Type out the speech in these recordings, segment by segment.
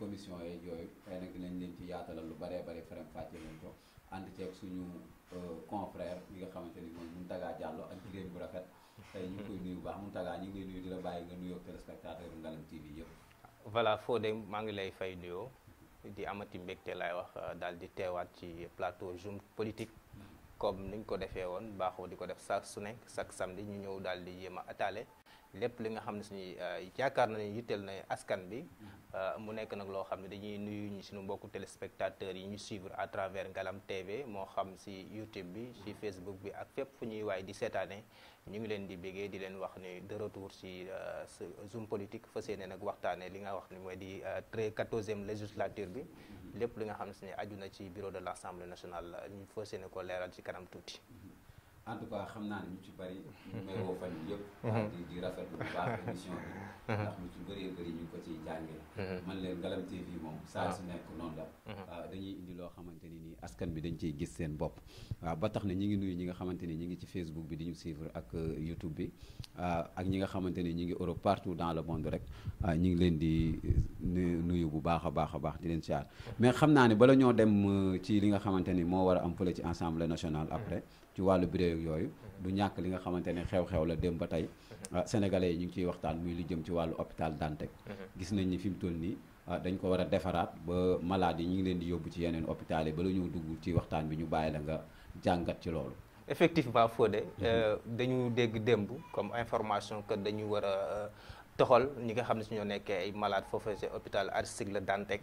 commission yeeg yooyu xëy na dinañ leen ci yaatalal lu baree bari faram fàcce leen ko ànd ceeg suñu euh, confrère nga xamante ni mooy Mountaga Diallo ak jigéen ñu ngi koy nuyu bu baax Mountaga ñu ngi koy nuyu di la bàyyi nga nuyoo téléspectateur Ngalam TV yëpp foo de maa ngi lay fay nuyoo di amati mbégte laay wax euh, daal di teewaat ci plateau Zoom politique mm-hmm. comme niñ ko defee woon baaxoo di ko def saa su nekk chaque samedi ñu ñëw daal di yéem a ataale lepp li nga xam ne suñuy euh, yaakaar na askan bi euh, mu nekk nag loo xam dañuy nuyu suivre à travers Ngalam TV moo xam si YouTube bi si Facebook bi ak fépp fu ñuy waay di seetaane ñu ngi leen di de retour si euh, Zoom politique fas nag waxtaanee li nga wax ni di législature bi mm-hmm. lépp li nga xam ci bureau de l'Assemblée nationale ñu fas ko leeral ci kanam mm-hmm en tout cas xamna ni ñu ci bari ñu may wo fan yépp mhm. di di rafetlu bu baax émission bi. Mhm. ndax lu ci bari bari ñu ko ci jàngee. Mhm. man leen galam TV mom sa ah. su nekk non la. dañuy indi lo xamanteni ni askan bi dañ ciy gis seen bop waaw ba tax na ñi ngi nuyu ñi nga xamanteni ñi ngi ci Facebook bi di ñu suivre ak euh, YouTube bi ak ñi nga xamanteni ñi ngi Europe partout dans le monde rek ñi ngi leen di euh, nuyu bu baax a baax di leen ciar mais xamna ni bala ñoo dem euh, ci li nga xamanteni mo wara am fële ci ensemble national après. ci wàllu bureau yooyu du ñàkk li nga xamante ne xew-xew la dem ba tey mhm. ah, sénégalais yi ñu ngi ciy waxtaan muy li jëm ci wàllu hôpital Dantec mhm. gis nañ ni fi mu toll nii ah, dañ ko war a defaraat ba malade yi ñu ngi leen di yóbbu ci yeneen hôpital yi ba la ñëw dugg ci waxtaan bi ñu bàyyi la nga jàngat ci loolu effectivement Fodé mhm. euh, dañu dégg démb comme information que dañu war a euh, toxal ñi nga xam ne si ñoo nekkee ay malade foofu ci hôpital Aristide la Dantec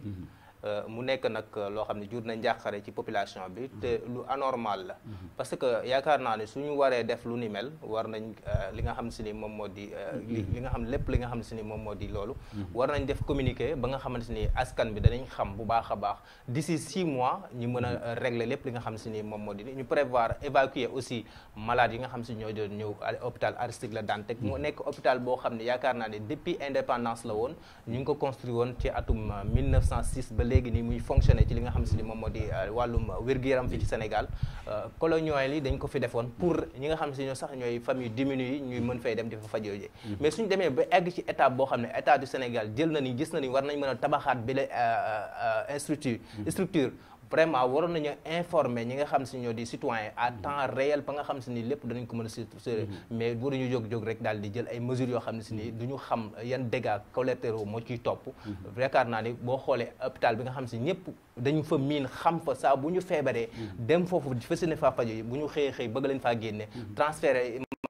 Euh, mu nekk nag euh, loo xam ne jur na njàqare ci population bi mhm. te lu anormal la mhm. parce que yaakaar naa ne su ñu waree def lu ni mel war nañ euh, li nga xam si ni moom moo di mhm. li nga xam lépp li nga xam si ni moom moo di loolu war nañ def communiqué ba nga xamante ni askan bi danañ xam bu baax a baax d'ici six mois ñu mën a régler lépp li nga xam si ni moom moo di ñu prévoir évacuer aussi malade yi nga xam si ñoo doon ñëw hôpital Aristide Le Dantec mu nekk hôpital boo xam ne yaakaar naa ne depuis indépendance la woon ñu ngi ko construit woon ci atum 1906 léegi nii muy fonctionner ci li nga xam si ni moom moo di euh, wàllum wér-gu-yaram fii ci Sénégal euh, colonial li dañ ko fi defoon pour ñi nga xam si ñoo sax ñooy famille diminuée yi ñuy mën fay dem di fa fajoo ji mm-hmm. mais suñ demee ba egg ci état boo xam ne état du Sénégal jël na ni gis na ni war nañ mën a tabaxaat bi la euh, structure mm-hmm. structure vraiment waroon nañu informer ñi nga xam si ñoo di citoyen à mm-hmm. temps réel ba nga xam si ni lépp danañ ko mën a suivre mm-hmm. mais waruñu jóg jóg rek daal di jël ay mesures yoo xam ne si ni mm-hmm. du xam yan dégâts collatéraux moo ciy topp yaakaar naa ni boo xoolee hôpital bi nga xam si ñëpp dañu fa miin xam fa saa bu ñu feebaree dem foofu fasi ne faa fajo yi bu ñu xëyee xëy bëgg leen faa génne transféré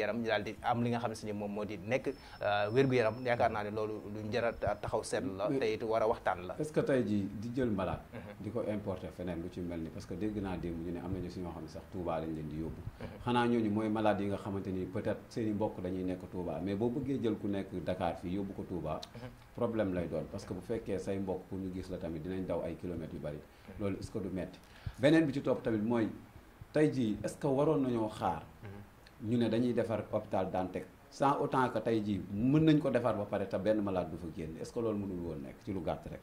yaram ñu daal di am li nga xam si ni moom moo di nekk euh, wérgu yaram yaakaar naa ne loolu luñ jar a taxaw seetlu la te a waxtaan la di jël malade mhm. di ko importer feneen lu ni parce que dégg naa démb ñu ne am nañu mhm. nga xamante ni peut seeni mbokk dañuy nekk Touba mais boo bëggee jël ku nekk Dakar fii yóbbu ko Touba mhm. problème lay doon parce que bu fekkee say mbokk pour ñu gis la tamit dinañ daw ay kilomètres yu bari loolu est-ce du metti beneen bi ci topp tamit mooy tey jii est-ce waroon nañoo xaar ñu ne dañuy defar hôpital Dantec sans autant que tey jii mën nañ ko defar ba pare te benn malade bu fa génn est-ce que loolu mënul woon nekk ci lu gàtt rek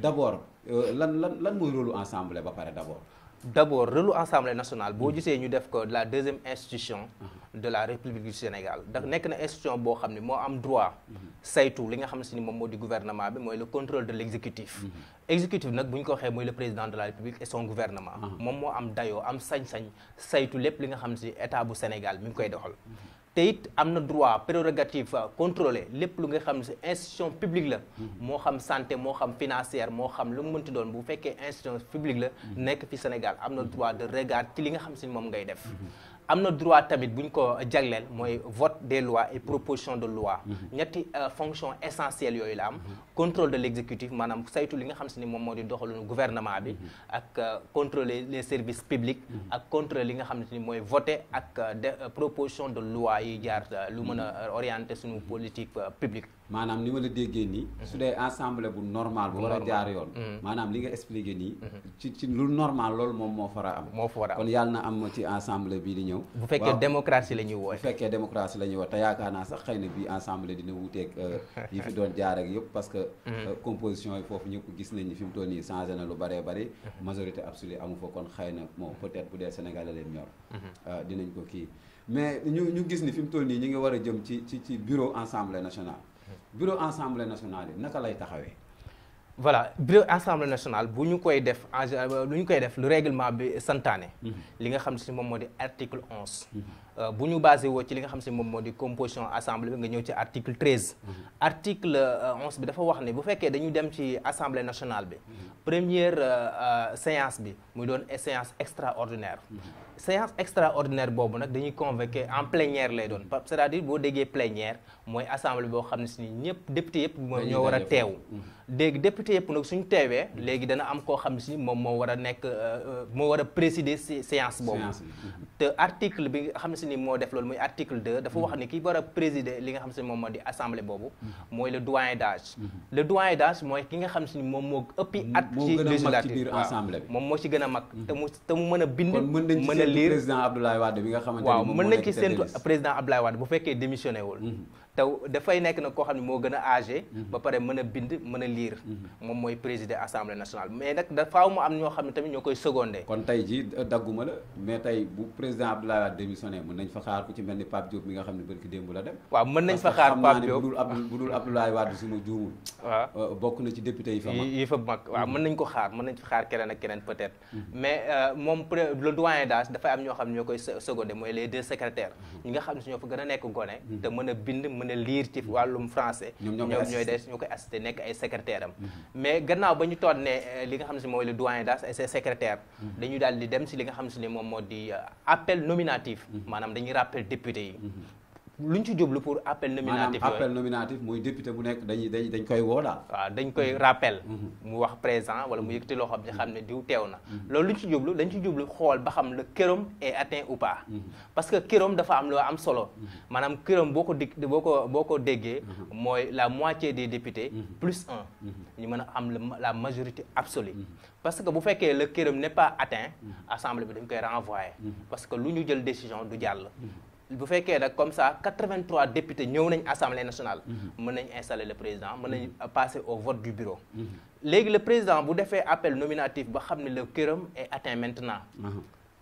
d'abord euh, lan lan lan mooy rôle assemblée ba paré d'abord D'abord, d' rôle assemblée nationale boo gisee ñu def ko la deuxième institution. de la république du Sénégal ndax nekk na institution boo xam ne am droit. saytu li nga xam si ni moom gouvernement bi le contrôle de l'exécutif exécutif. exécutif nag ko le président de la république et son gouvernement. Ah. moom moo am dayoo am sañ-sañ saytu lépp li nga xam si état bu Sénégal mi ngi koy doxal te it droit prérogative euh, contrôler lépp lu nga xam ne institution publique la mhm. moo xam santé moo xam financière moo xam lu mu mënti doon bu fekkee institution publique la mhm. nekk fi Sénégal am droit de regard ci li nga xam si moom ngay def mhm avons le droit tamit voter ko vote des lois et proposition de loi mhm. ñetti euh, fonction essentielle Le mhm. contrôle de l'exécutif, Madame, saytu li nga gouvernement bi mhm. ak euh, contrôler les services publics ak contrôler li nga xam ni euh, de loi yi jaar lu politique publique maanaam ni ma la déggee nii mhm. su dee ensemble bu normal bu war a jaar yoon mhm. maanaam li nga expliqué nii mhm. ci ci lu normal loolu moom moo fara am moo fara am kon yàlla na am ci ensemble bii di ñëw bu fekkee démocratie la ñuy woote fekkee démocratie la ñuy woote te yaakaar naa sax xëy na bii ensemble dina wuuteeg euh, yi fi doon jaar ak yëpp parce que euh, composition yi foofu ñëpp gis nañ ni fi mu toll nii changé na lu bëree bëri majorité absolue amu fa kon xëy na bon peut-être bu dee Sénégal la leen ñor euh, dinañ ko kii mais ñu ñu gis ni fi mu toll nii ñu ngi war a jëm ci ci ci bureau assemblée nationale bureau assemblée nationale yi naka lay taxawee. voilà bureau assemblée nationale bu ñu koy def en lu euh, ñu koy def le règlement bi santané mhm. li nga xam si moom article onze. Mhm. Euh, bu ñu basé woo ci li nga xam si moom composition assemblée bi nga ñëw ci article treize. Mhm. article euh, onze bi dafa wax ne bu féké dañu dem ci assemblée nationale bi. première séance bi muy doon séance extraordinaire séance extraordinaire bobu nak dañuy convoquer en plénière lay doon c'est-à-dire bo déggee plénière moy assemblée bo xam ne ñepp député yépp moom ñoo war a teew mhm. député yépp nak suñu teewee léegi dana am ko xam ne mom mo wara nek mo euh, wara euh, moo war a présider séance boobu mhm. te article bi nga xam ne ni moo def lool moy article 2 dafa wax ni ki wara présider li nga xam ne si moom di assemblée bobu moy mhm. le doyen d'âge le doyen d'âge moy ki nga xam ne si ni moom at ci législature mom mo ci gëna mak mag te mu te mu mën a bind mën liir président Abdoulaye Wade bi nga xamante ni moom waaw mën nañ ci séntu président Abdoulaye Wade bu fekkee démissionné te dafay nekk nag koo xam ne moo gën a âgé mhm. ba pare mën a bind mën a lire mhm. moom mooy président assemblée nationale mais nag dafaaw mu am ñoo ne tamit ñoo koy secondé kon tey ji euh, tey bu président Abdoulaye Wade démissionné mën nañ fa xaar ku ci nañ fa xaar Pape Diop parce xam naa ne bu euh, bokk na ci député yi fa mag yi fa mhm. nañ ko xaar mën nañ fa xaar keneen ak keneen peut être euh, moom le doyen dafay am ñoo xam ne ñoo koy secondé mooy les deux secrétaires ñi nga xam ne si ñoo fa gën a nekk gone te mën a bind mën a lire ci wàllum français ñoom ñooy des ñu koy assisté nekk ay secrétaire mhm. mais gannaaw ba ñu toog ne euh, li nga xam si mooy le doyen d'as et ses secrétaires mhm. dañuy daal di dem si li nga xam ne moom moo di euh, appel nominatif mhm. maanaam dañuy rappel député yi luñ ci djoblu pour appel nominatif appel nominatif moy député bu nek dañuy dañ dañ koy wo dal waaw dañ koy rappel. Mhm. mu wax présent wala mu yëkkati loxoom ci xam diw tewna na. Mhm. luñ ci djoblu dañ ci djoblu xol ba xam le quorum est atteint ou pas. Mhm. parce que quorum dafa am lo, am solo. manam quorum boko boko boko déggé moy la moitié des députés. plus un. ñu mëna a am la majorité absolue. parce que bu féké le quorum n'est pas atteint. assemblée bi dañ koy renvoyer. parce que lu ñu jël décision du jall bu faites nag comme ça 83 députés ñëw nañ assemblée nationale. Mhm. mën nañ installer le président mën nañ mhm. passer au vote du bureau. Mhm. léegi le président bu defee appel nominatif ba xam le quorum est atteint maintenant.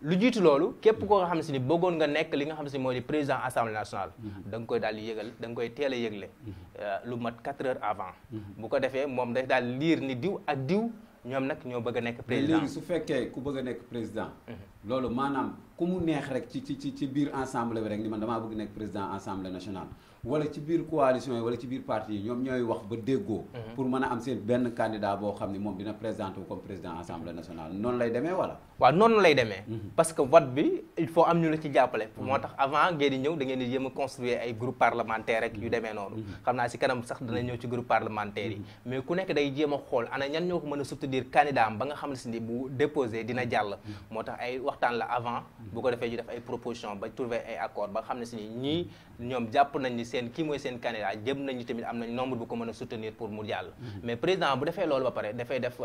lu jiitu lolu képp ko nga xam si ni bëggoon nga nek li nga xam si ni moo président assemblée nationale. dang koy dal di dang koy télé a euh, lu mat 4 heures avant. bu ko défé mom day dal lire ni diw ak diw. ñoom nag ñoo bëgg a nekk président su fekkee ku bëgg nekk président. Mhm. loolu maanaam ku mu neex rek ci ci ci biir ensemble bi rek ni man damaa bëgg nekk président assemblée nationale. wala ci biir coalition yi wala ci biir parti yi ñoom ñooy wax ba déggoo. Mhm. pour mën a am seen benn candidat boo xam ne moom dina présenté wu comme président assemblée nationale noonu lay demee wala. waaw noonu lay demee mhm. parce que vote bi il faut am ñu la ci jàppale mhm. moo tax avant ngeen di ñëw dangeen di jéem a construire ay groupe parlementaire rek yu mhm. demee noonu xam naa si kanam sax dana ñëw ci groupe parlementaire yi mais ku nekk day jéem a xool ana ñan ñoo ko mën a soutenir candidat am ba nga xam ne si ni bu déposé dina jàll tax ay waxtaan la avant bu ko defee ñu def ay proposition ba trouver ay accord ba xam ne si ni ñii ñoom jàpp nañ ni mooy seen candidat jëm nañu tamit am nañ nombre bu ko mën a soutenir pour mu jàll mais président bu defee loolu ba pare dafay def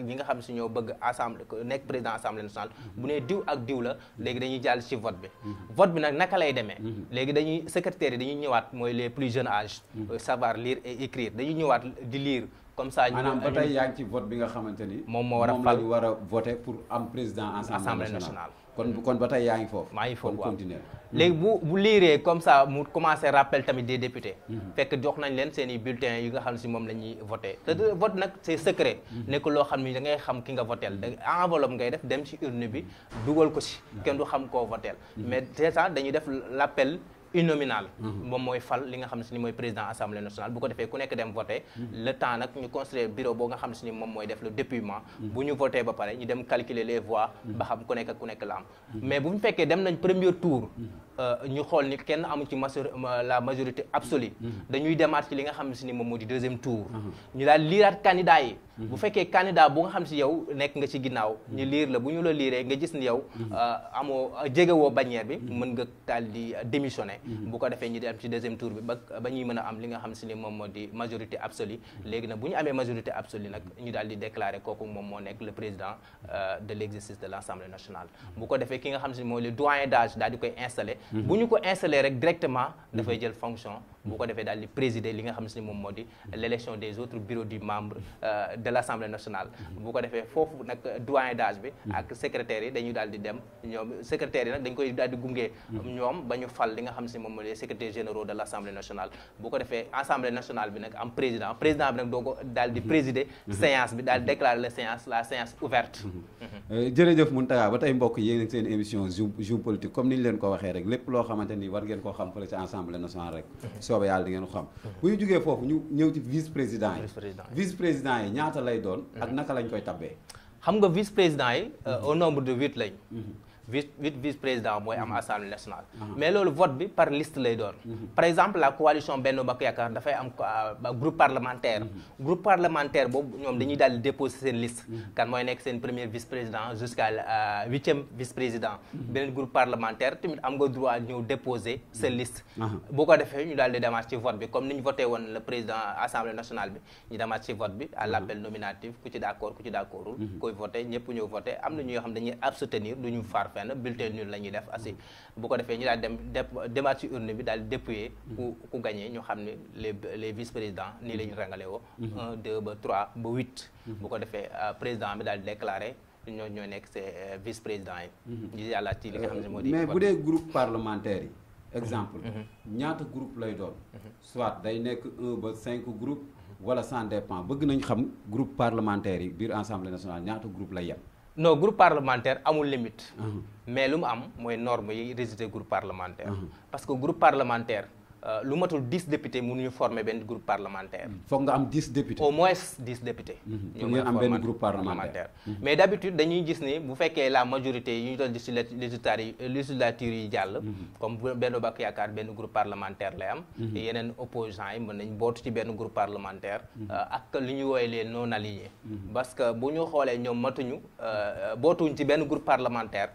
nga xam si ñoo bëgg assemblée président nationale vote mhm. vote les mhm. les plus jeunes âges mhm. euh, savoir lire et écrire dañuy ñëwaat lire comme ça maanaam ba euh, voter pour président assemblée nationale kon kon ba tey yaa ngi foofu. maa kon continuer. Hmm. léegi bu bu liiree comme ça mu commencé rappel tamit des députés. Hmm. fekk jox nañ leen seen i bulletins yi nga xam si moom la ñuy voté. te vote nag c' est secret. Hmm. nekkul loo xam ni da ngay xam ki nga votel da enveloppe ngay def dem ci urne bi dugal ko si. kenn du xam koo votel mais te ça dañuy def l' appel. uninominal mhm. moom mooy fal li nga xam ne si ni mooy président assemblée nationale bu ko defee ku nekk dem voté mhm. le temps nag ñu construire bureau boo nga xam ne si ni moom mooy def le dépouillement mhm. bu ñu voté ba pare ñu dem calculer les voix ba xam ku nekk ak ku nekk la am mais bu mu fekkee dem nañ premier tour Euh, ñu xool ni kenn amu ci la majorité absolue mm-hmm. dañuy demaat ci li nga xam si ni moom moo deuxième tour mm-hmm. ñu daal liiraat candidat yi mm-hmm. bu fekkee candidat bu nga xam si yow nekk nga ci ginnaaw ñu liir la bu ñu la liiree nga gis ni yow euh, amoo jegewoo bannière bi mën nga daal di démissionner bu ko defee ñu di am ci deuxième tour bi ba ba ñuy mën a am li nga xam ni moom moo majorité absolue léegi nag bu ñu majorité absolue nag ñu daal di déclarer kooku moom moo nekk le président euh, de l'exercice de l'assemblée nationale bu ko defee ki nga xam si ni le doyen d'âge daal di koy installer bu ñu ko installé rek directement dafay jël fonction bu ko defee daal di présider li nga xam si ni l'élection des autres bureaux du membre euh, de l'Assemblée nationale mm-hmm. bu ko defee foofu nag doyen d'âge bi mm-hmm. ak secrétaire yi dañuy daal dem ñoom secrétaire yi nag dañ koy daal di gungee mm-hmm. ñoom fal li nga xam si ni secrétaire général de l'Assemblée nationale bu ko defee Assemblée nationale bi nak am président président bi nag doo ko daal présider séance bi dal di déclarer la séance la séance ouverte euh, jërëjëf Mountakha ba tey mbokk yéen seen émission Zoom Zoom politique comme ni ñu leen ko waxee rek lépp loo xamante ni war ngeen koo xam fële ci Assemblée nationale rek soobee yàlla di ngeen xam bu ñu jugee foofu ñu ñëw ci vice président yi vice président yi ñaata lay doon ak mhm. naka lañ koy tabbee xam nga vice président yi euh, au nombre de huit lañ mhm. vice vice président mooy am assemblée nationale. Ah. mais le vote bi par liste lay doon. Mm-hmm. par exemple la coalition Benno Bokk da fay am euh, groupe parlementaire. Mm-hmm. groupe parlementaire bob ñom dañuy dal déposer sen liste. Mm-hmm. kan moy nek sen premier vice président jusqu'à euh, huitième vice président. benen groupe parlementaire tamit am nga droit ñeu déposer seen liste. Ah. bu ko défé ñu dal di demaat ci vote bi comme niñ voté won le président assemblée nationale bi ñi demaat ci vote bi à l'appel nominatif ku ci d'accord, ku ci d' accordul. koy voté ñëpp ñeu voté am na ñoo xam dañuy abstenir duñu faire fenn bulletin nul lañuy def assez bu ko defee ñu dal dem demaat ci urne bi dal dépouiller ku ku gagné ñu xam les vice présidents ni lañu rangalé wo 1 mhm. 2 ba 3 ba 8 mhm. bu ko defee euh, président bi dal déclarer ñoo ñoo nek c'est euh, vice président yi ñu mhm. yàlla ci li nga xam ne di mais bu dé groupe parlementaire exemple ñaata groupe lay doon soit day nek 1 ba 5 groupe wala ça dépend bëgg nañ xam groupe parlementaire yi biir assemblée nationale ñaata groupe lay yem non groupe parlementaire amul limite. mais lu mu am mooy norme yi résulté groupe parlementaire. parce que groupe parlementaire. Euh, lu matul 10 députés mënuñu former benn groupe parlementaire. Hmm. foog nga am dix députés. au moins dix députés. Hmm. ñu ngi am benn groupe parlementaire hmm. mais d'habitude, habitude dañuy gis ni bu fekkee la majorité yi ñu doon gis législature yi jàll. comme Benno Bokk Yaakaar benn groupe parlementaire lay am. yeneen opposants yi mën nañ bootu ci benn groupe parlementaire. Euh, ak li ñu woowee les non aligné, parce que bu ñu xoolee ñoom matuñu euh, bootuñ ci benn groupe parlementaire.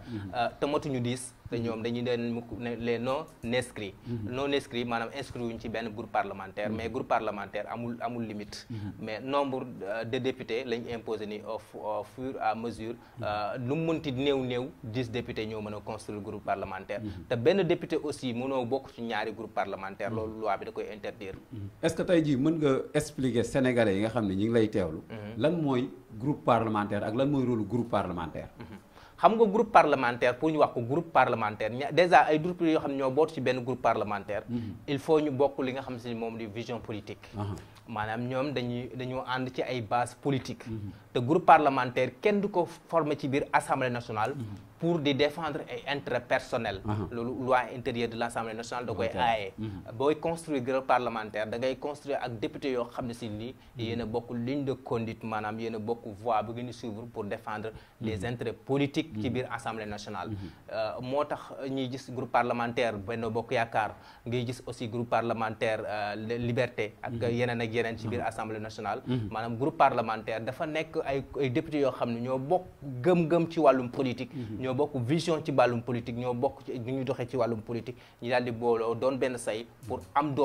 te matuñu députés. Nous avons les non inscrits mhm. non inscrits maanaam inscrits ci un groupe parlementaire mhm. mais groupe parlementaire amul amul limite mhm. mais nombre euh, de députés lañ imposé ni au fur et à mesure nous avons mënti néew 10 députés ñoo mën construire construire groupe parlementaire Et benn député aussi mënoo beaucoup ci ñaari groupe parlementaire loolu loi bi da est-ce que tu peux expliquer aux expliquer sénégalais yi nga xam le groupe parlementaire ak lan mooy rôle groupe parlementaire xam nga groupe parlementaire pour ñu wax ko groupe parlementaire ña déjà ay groupes yoo xam ne ñoo boot ci benn groupe parlementaire. Mhm. il faut ñu bokk li nga xam si moom di vision politique. maanaam ñoom dañuy dañoo ànd ci ay base politique. Mhm. te groupe parlementaire kenn du ko former ci biir assemblée nationale. Mhm. pour de défendre les intérêts personnels, la loi intérieure de l'Assemblée nationale de koy aaye mhm. boy construire groupe parlementaire da ngay construire ak député yoo xam ne il y en a beaucoup ligne de conduite y en a beaucoup voie bu ngeen vous suivre pour défendre mhm. les intérêts politiques ci mhm. biir l'assemblée nationale euh, moo tax ñuy gis groupe parlementaire Benno Bokk Yaakaar ngay gis aussi groupe parlementaire euh, Liberté ak yeneen ak qui ci biir Assemblée nationale un groupe parlementaire dafa nekk ay ay député yoo xam ne ñoo bokk gëm-gëm ci wàllum politique bokk vision ci wàllum politique ñoo bokk ci ñu ñuy doxee ci wàllum politique ñu daal di booloo doon benn say pour am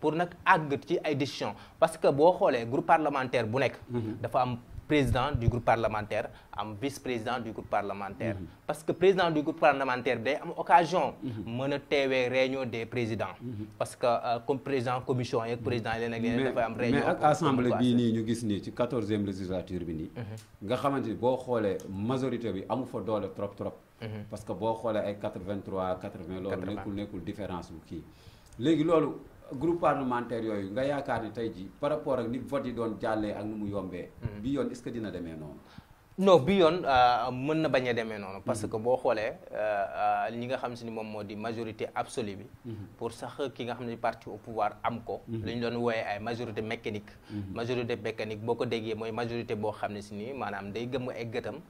pour nag àgg ci ay décision parce que beaucoup xoolee groupe parlementaire bu nekk mhm. dafa am président du groupe parlementaire am vice-président du groupe parlementaire mhm. parce que président du groupe parlementaire mhm. a occasion mën réunion des présidents mhm. parce que euh, comme président commission le président de ak am réunion mais l'assemblée assemblée nous nii ñu gis quatorzième législature bi nii nga xamante ni majorité bi trop trop parce que boo xoolee ay 83, 80, différence groupe parlementaire yooyu nga yaakaar ni tey ji par rapport ak ni vote yi doon jàllee ak nu mu yombee. Hmm. bi yoon est-ce que dina demee noonu. non bi yoon euh, mën na bañ a demee noonu. Mm-hmm. parce que boo xoolee euh, euh, li nga xam si ni moom moo di majorité absolue bi. Mm-hmm. pour sax ki nga xam ne parti au pouvoir am ko. Mm-hmm. li doon ay majorité mécanique. majorité mécanique boo ko déggee mooy majorité boo xam ne si nii maanaam day gëm ay gëtam.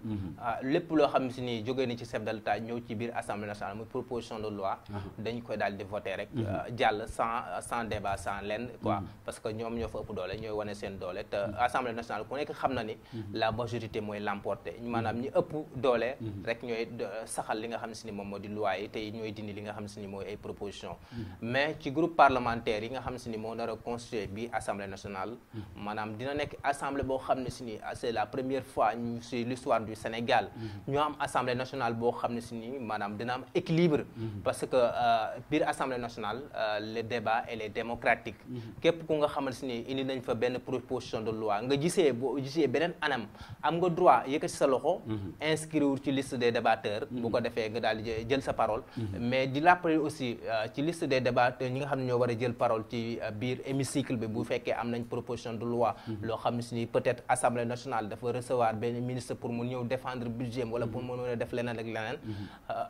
Ah, lépp loo xam si ni jógee na ci chef de l'État ñëw ci biir assemblée nationale muy proposition de loi. Uh-huh. dañ koy daal di voter rek. jàll sans sans débat sans lenn quoi. parce que ñoom ñoo fa ëpp doole ñooy wane seen doole te assemblée nationale ku nekk xam na ni. la majorité mooy la l'emporter Nous, ñi ëpp un mhm. rek ñooy saxal li nga xam si ni moom moo di loi yi tey dindi li nga ni ay proposition mhm. mais ci groupe parlementaire yi nga xam l'Assemblée nationale. moo nar a l'Assemblée bi assemblée nationale. Mhm. maanaam dina assemblée ah, c'est la première fois sur l'histoire du Sénégal. ñu am assemblée nationale boo xam ne dina am équilibre. parce que euh, biir assemblée nationale euh, les débats et les démocratiques. képp ku nga avons fait indi nañ fa proposition de loi nga gisee boo gisee anam am nga droit droit yëkkati sa loxo. Mhm. inscrire ci liste des débatteurs. bu ko mhm. défé nga dal jël sa parole. Mhm. mais di lappale aussi euh, ci liste des débatteurs ñi nga xamni ñoo wara jël parole ci euh, biir hémicycle bi bu féké am nañ proposition de loi. lo xamni ne peut-être assemblée nationale dafa recevoir ben ministre pour mu ñëw défendre budget wala pour mu mën def lénen ak leneen.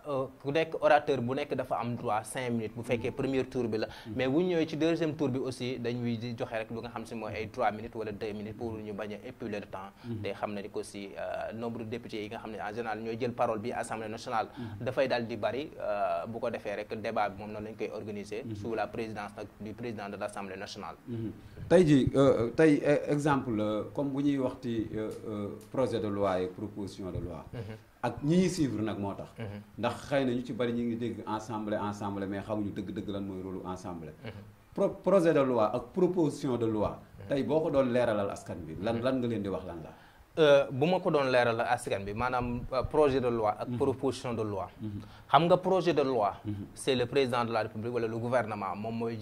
Euh, ku nekk orateur bu nekk dafa am droit 5 minutes bu féké premier tour bi la. mais bu ñëwee ci deuxième tour bi aussi dañuy joxé rek lu nga xamni moy ay 3 minutes wala 2 minutes pour ñu baña épuler le temps. day xam ne ni ko si. Euh, nombre de députés yi nga xam en général ñoy jël parole bi assemblée nationale. Mm-hmm. fay dal di bari euh, bu ko défé rek débat bi mom non lañ koy organiser. Mm-hmm. sous la présidence du président de l'Assemblée nationale. tay ji tay exemple euh, comme buñuy ñuy wax ci projet de loi et proposition de loi. Mm-hmm. ak ñi ñuy suivre nak motax ndax xëy na ñu ci bari ñi ngi dégg ensemble ensemble mais xamuñu dëgg-dëgg lan moy rôle ensemble. projet de loi ak proposition de loi. tay boko ko doon leeralal askan bi lan lan nga leen di wax lan la. Je euh, ma ko a euh, projet de loi une mhm. proposition de loi mhm. xam projet de loi mhm. c'est le président de la république ou le gouvernement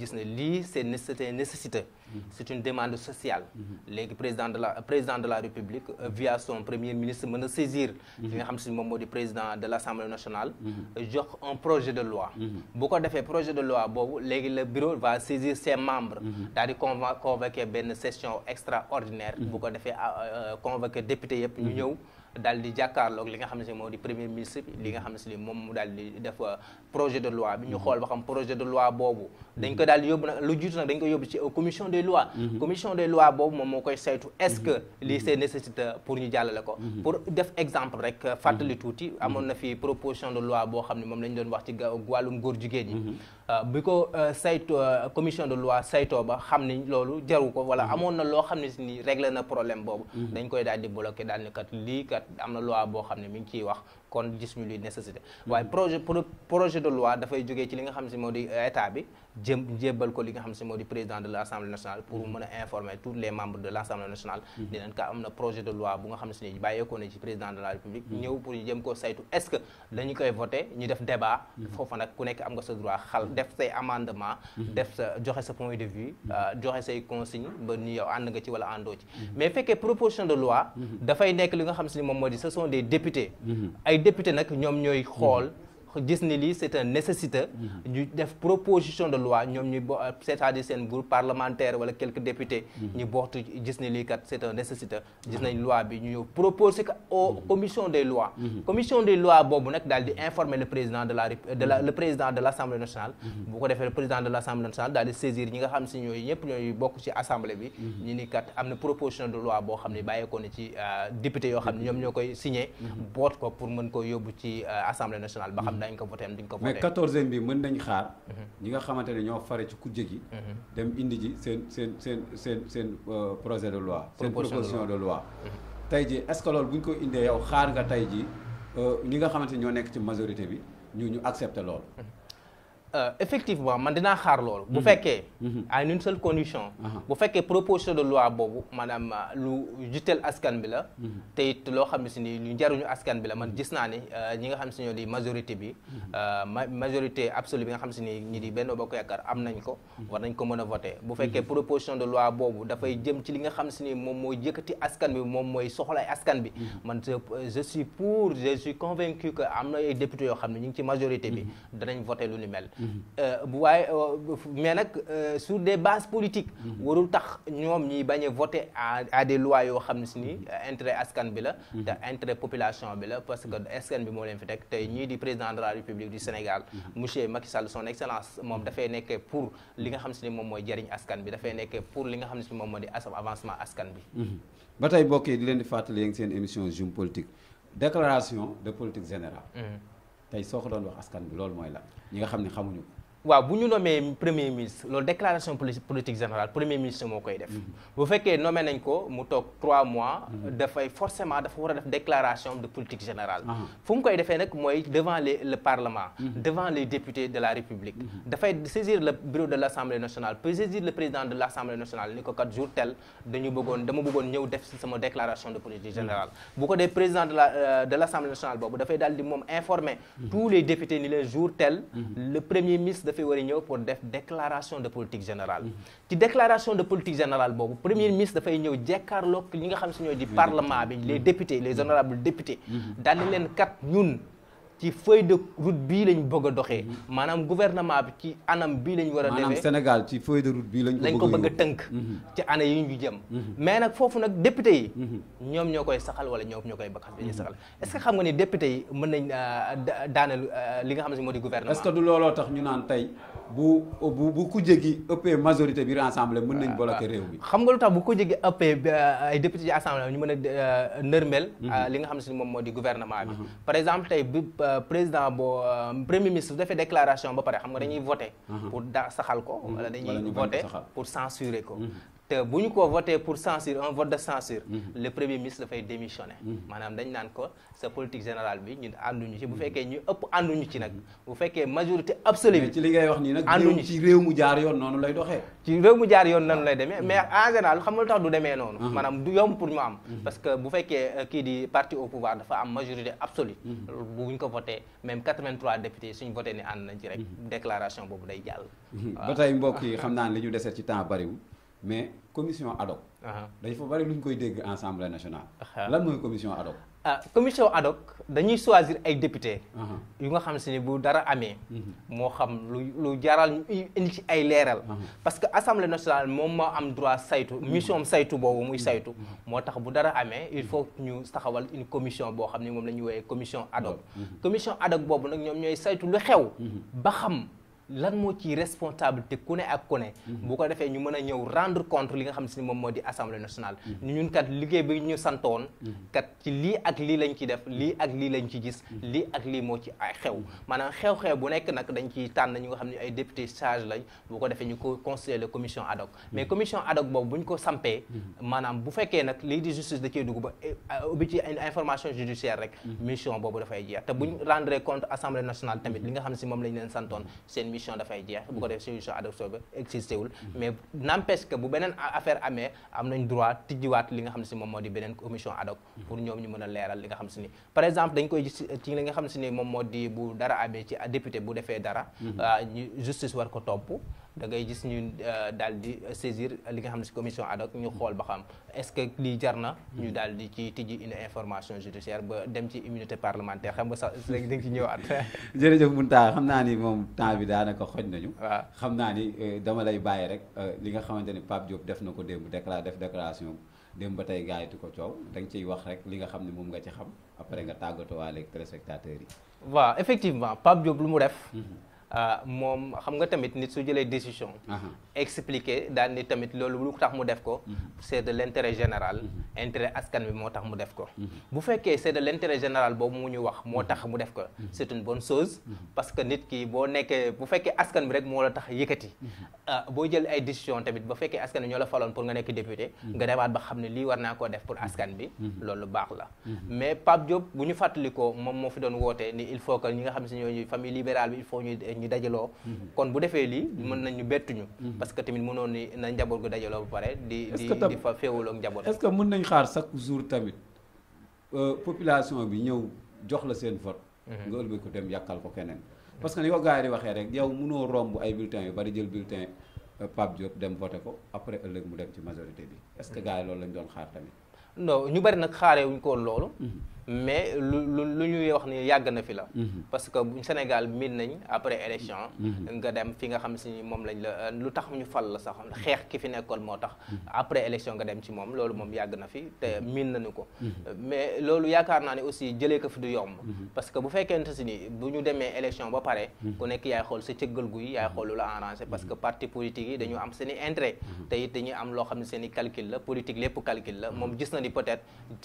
c'est nécessité nécessité c'est une demande sociale le président de la président de la république euh, via son premier ministre va saisir le président de l'assemblée nationale jox un projet de loi beaucoup de un projet de loi le bureau va saisir ses membres Il va convoquer une session extraordinaire beaucoup ko que député yëpp ñu mm-hmm. ñëw dal di jakarlo ak li nga xamné ne modi premier ministre bi li nga xamné ne mom mu dal di def euh, projet de loi bi ñu mm-hmm. xol ba xam projet de loi bobu dañ ko dal di yóbbu nag lu jitu nak dañ ko yob ci euh, commission des lois mm-hmm. commission des lois bobu mom moo koy saytu est-ce que li c'est nécessaire pour ñu jàllale ko pour def exemple rek euh, fàttali touti amon na fi proposition de loi bo xamné mom lañ doon wax ci walum gor jigéen ñi Euh, bi ko euh, sayto euh, commission de loi sayto ba xam ni loolu jaru ko wala mhm. amoon na loo xam ne si ni réglé na problème boobu mhm. dañ koy daal di bloqué daal ni kat lii kat am na loi boo xam ne mu ngi ciy wax kon gis ñu li nécessité mm-hmm. waye projet projet de loi da fay joggé ci li nga xam si moo euh, état bi jëm jébal ko li nga xam si moo président de l'Assemblée nationale pour mm-hmm. mën informer tous les membres de l'Assemblée nationale mm-hmm. di leen ka am na projet de loi bu nga xam si ne bàyyeekoo na ci président de la république ñëw pour ñu jëm ko saytu est ce que dañu koy voter ñu def débat fofu nak ku nekk am nga sa droit xal def say amendement def sa joxe sa point de vue euh, joxe say consigne ba ñu yow ànd nga ci wala àndoo ci mais fekkee proposition de loi da fay nekk li nga xam si ne moom ce sont des députés ay député nag ñoom ñooy xool gis ni c'est un nécessité. Mhm. ñu def proposition de loi ñom ñu c'est-à-dire sen groupe parlementaire wala quelques députés. Mhm. ñu boxtu gis ni kat c'est un nécessité. gis nañ mhm. loi bi ñu proposer ko au commission des lois. commission des lois bobu nak dal di informer le président de la de la le président de l'Assemblée nationale. bu ko defee le président de l'Assemblée nationale dal di saisir ñi nga xam si ñooyu ñëpp ñooy ci assemblée bi. ñi ni kat amna proposition de loi bo xam bayé ko ni ci euh, député yo xam ñom ñokoy signer koy ko pour mën ko yóbbu ci euh, assemblée nationale ba xam dañ ko voté am ko voté mais quatorzième bi mën nañ xaar mhm. ñi nga xamante ne ñoo fare ci kujje gi mhm. dem indi ji seen seen seen seen seen euh, projet de loi seen proposition de loi mhm. tey ji est-ce bu ñu ko indee yow xaar nga tey ji euh, ñi nga xamante ne ñoo nekk ci majorité bi ñu ñu accepté lool Euh, effectivement man dinaa xaar loolu. bu mhm. fekkee. Mhm. à une seule condition. bu que proposition de loi boobu madame, euh, lu juteel askan bi la. Mhm. te it lo, xam ni lu njariñu askan bi la man gis naa ni euh, ñi nga ni ñoo di majorité bi. majorité absolue bi nga ni ni ñi di Benno Bokk Yaakaar am ko. war nañ ko mën vote voter bu fekkee proposition de loi da, fay, jëm ci li nga xam si ni moom mooy yëkkati askan bi moom mooy soxlay askan bi. man je suis pour je suis convaincu que am na ay députés yoo ñu ci majorité bi. danañ voter lu ni mel. Euh, bu euh, mais nag euh, sur des bases politiques mhm. warul tax ñom ñi bañé voter à des lois yo xamni ne ni mhm. intérêt askan bi la mhm. intérêt population bi la parce que askan bi mo leen fi tek tay ñi di président de la République du Sénégal monsieur Macky Sall son excellence da dafay nekkee pour li nga xamni si ni moom mooy jëriñ askan bi dafay nekkee pour li nga xamni si ni moom avancement askan bi ba tey mbokk di leen di fatale yéen seen émission Zoom politique déclaration de politique générale tey soo ko doon wax askan bi loolu mooy la ñi nga xam ne xamuñu si bu ñu nommé premier ministre la déclaration politique générale premier ministre moo koy def mhm. bu fekkee nommé nañ ko trois mois mhm. faire forcément dafa war faire def déclaration de politique générale ah. fu mu que defee devant le parlement mhm. devant les députés de la république dafay saisir le bureau de l'Assemblée nationale saisir le président de l'Assemblée nationale ni ko jours jour tel dañu bëggoon dama de def déclaration de politique générale bu ko président de la euh, de nationale boobu dafay informer tous les députés ni leen jour tel le premier ministre dafay war pour déclaration de politique générale ci déclaration de politique générale le premier ministre dafay ñëw jekkaarloog ñi nga xam di parlement les députés les honorables députés mhm. dans les leen kat ci feuille de route bii lañu bëgg a doxee maanaam gouvernement bi ci anam bii lañ war a defee Sénégal ci feuille de route bii lañ ko bëgg tënk mhm. ci année yi ñu jëm mhm. mais nag foofu nag député yi mhm. ñoom ñoo koy saxal wala ñoom ñoo koy bakkas dañuy saxal est que xam nga ni député yi mën nañ euh, daaneel euh, li nga xam ne moo di gouvernement est que du looloo tax ñu naan tey bu bu bu ku jéggi ëppee majorité biir assemblée mën nañ ah, bloquer ah. réew bi xam nga lu tax bu ko jéggi ëppee euh, ay député ci assemblée ñu mën a euh, nërmel mhm. euh, li nga xam si moom moo di gouvernement bi mhm. par exemple tey bi président boo premier ministre bu defee déclaration ba pare xam nga dañuy mhm. voter pour da saxal ko wala dañuy voter pour censurer ko te bu ñu ko voté pour censure un vote de censure mhm. le premier ministre dafay démissionné mhm. maanaam dañ naan ko sa politique générale bi ñun ànduñu ci bu mhm. fekkee ñu ëpp nous ci nag bu fekkee majorité absolue bi ci li ngay wax nii nag ànduñu ci réew mu jaar yoon noonu lay doxee ci réew mu jaar yoon noonu lay ah. demee mais en général xam nga lu tax du demee noonu maanaam du yomb pour moi. am parce que bu fekkee euh, kii di parti au pouvoir dafa am majorité absolue bu ñu ko voté même 83 députés suñu voté ni ànd nañ ci rek déclaration boobu day jàll ba tey mbokk yi xam vous li ñu dese ci temps bariwul mais commission ad hoc. Il faut bari lu l'assemblée nationale. commission ad hoc. La ah, commission ad hoc dañuy choisir député. Il nga xam bu dara mhm. xam lu jaral parce que l'Assemblée nationale am droit mhm. mission saytu mhm. il faut ñu une commission ad hoc. la commission ad hoc. commission ad hoc nous lan mo ci responsabilité ku ne ak ku mhm. bu ko defé ñu mëna ñëw rendre compte li nga xam si moom moo assemblée nationale. Mhm. ñun kat liggéey bi ñu santone mhm. kat ci li ak li lañ ci def li ak li lañ ci gis. li ak li mo ci ay xew manam xew-xew bu nek nak dañ ci tànn ñu nga xam ne ay député sage lañ bu ko defé ñu ko constituer la commission ad hoc mais commission ad hoc boobu buñ ko sampé manam bu féké nak li di justice da ci dugg ba eh, ubbi ci information judiciaire rek. mission bobu da fay te té buñ rendre compte assemblée nationale tamit li nga xam si moom lañ leen santone seen solution dafay jeex bu ko def solution adopté ba existé mais n'empêche que bu beneen affaire amee am nañ droit tijjiwaat li nga xam ne si moom moo di beneen commission ad pour ñoom ñu mën a leeral li nga xam si ni par exemple dañ koy ci li nga xam si ni moom moo di bu dara amee ci député bu defee dara mhm. justice war ko topp da ngay gis ñu daal di saisir li nga xamne ci commission ad hoc ñu xol ba xam est-ce que li jarna ñu daal di ci tijji une information judiciaire ba dem ci immunité parlementaire xam nga sax léegi da ci ñëwaat. jere jëf Mountakha xam naa ni mom temps bi da naka xoj nañu. waaw xam naa ni dama lay baye rek li nga xamanteni pap Diop def nako dem démb def déclaration dem ba tay gaay yi di ko coow da nga wax rek li nga xam mom nga ci xam après nga tàggatoo waale téléspectateurs yi. wa effectivement pap Diop lu mu def. Euh, mom xam nga tamit nit su jëlé décision. Uh-huh. expliquer daal ni tamit lolu lu tax mu def ko. Uh-huh. c'est de l'intérêt général. Uh-huh. intérêt askan bi moo tax mu def ko. bu féké c'est de l'intérêt général boobu mu ñu wax moo tax mu def ko. c'est une bonne chose. parce que nit ki bo nekké bu féké askan bi rek mo la tax yëkëti euh, bo jël ay décision tamit bu féké askan bi ñoo la pour nga nekk député. nga demaat ba xamné li warna ko def pour askan bi. lolu baax la. mais pap Diop bu ñu fatali ko mom mo fi doon woté ni il faut que ñi nga xam si ñooñu famille libérale bi il faut ñu ñu dajaloo mhm. kon bu defee li mhm. mën nañu bettuñu mhm. parce que tamit mënoon ni na njaboot gu dajaloo ba pare di di di fa féwul ak njaboot est-ce que mën nañ xaar chaque jour tamit euh population bi ñew jox la seen vote nga ëlbéy ko dem yakal ko kenen parce que ni ko gars di waxé rek yow mënoo romb ay bulletin yu bari jël bulletin euh, Pape Diop dem voter ko après ëllëg mu dem ci majorité bi est-ce que gaay loolu lañ doon xaar tamit non ñu bari nak xaaré wuñ ko loolu mais lu lu lu wax ni yag na fi la. Mhm. parce que bu Sénégal miin nañ après élection. Mhm. nga dem fi nga xam si ni lañ la lu tax ñu fal la sax xex ki fi nekkol motax mhm. après élection nga dem ci mom lolu mom yag na fi té min nañu ko. mais lolu yaakaar naa ne aussi jëlé ko fi du yomb. parce que bu fekkente si ni bu ñu demee élection ba paré ku nekk yaay xol sa cëggal guuy yaay xol lu la arrangé parce que parti politique yi dañu am seen intérêt. té it dañu am lo xam ne calcul la politique lépp calcul la mom gis na ni peut-être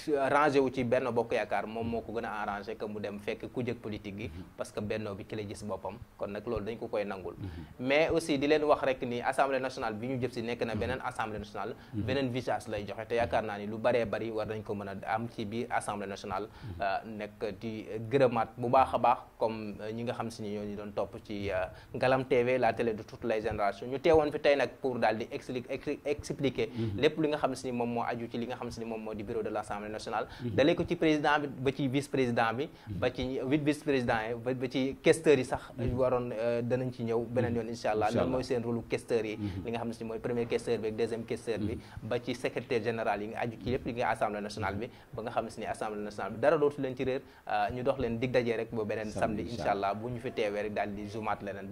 euh, rangé wu ci benn bokk car moom moo ko a arrangé que mu dem fekk ku politique mhm. parce que bennoo bi ki la gis kon mhm. mais aussi di leen wax rek ni assemblée nationale bi ñu mhm. assemblée nationale visage lay ni lu bari war nañ ko am ci biir assemblée nationale euh, nekk di gërëmaat bu baax comme euh, ñi nga ñoo doon TV euh, la télé de toutes les générations ñu fi pour expliquer li nga bureau de l'assemblée nationale président président bi ba ci vice président bi ba ci vice président yi ba ci questeurs yi sax mhm. waroon euh, danañ ci ñëw beneen mhm. yoon incha allah loolu mooy seen rôle questeurs yi mhm. li nga xam ne si mooy premier questeur bi ak deuxième questeur bi ba ci secrétaire général yi nga aju ci lépp li nga assemblée nationale bi ba nga xam ne si ni assemblée nationale bi dara dootu leen ci réer euh, ñu dox leen dig dajee rek ba beneen samedi incha allah bu ñu fi teewee rek daal di zoomaat leneen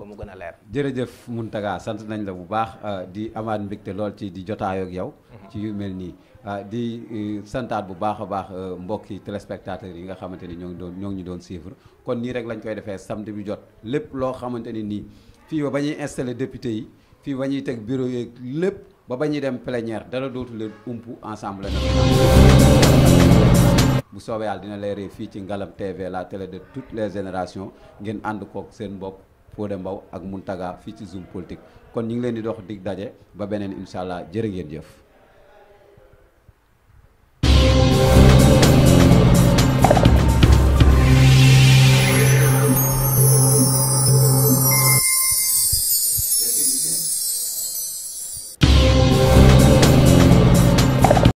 a euh, a téléspectateurs yi nga xamante ni ñoo ngi doon ñoo ñu doon suivre kon nii rek lañ koy defee samedi bi jot lépp loo xamante ni nii fii ba ba ñuy installé député yi fii ba ñuy teg bureau yeeg lépp ba ba ñuy dem plénière dara dootu leen ump ensemble bu soobee dina lay réer fii ci Ngalam TV la télé de toutes les générations ngeen ànd kook seen bopp Fodé Mbow ak Mountaga fii ci Zoom politique kon ñu ngi leen di dox dig daje ba beneen incha allah jërë ngeen jëf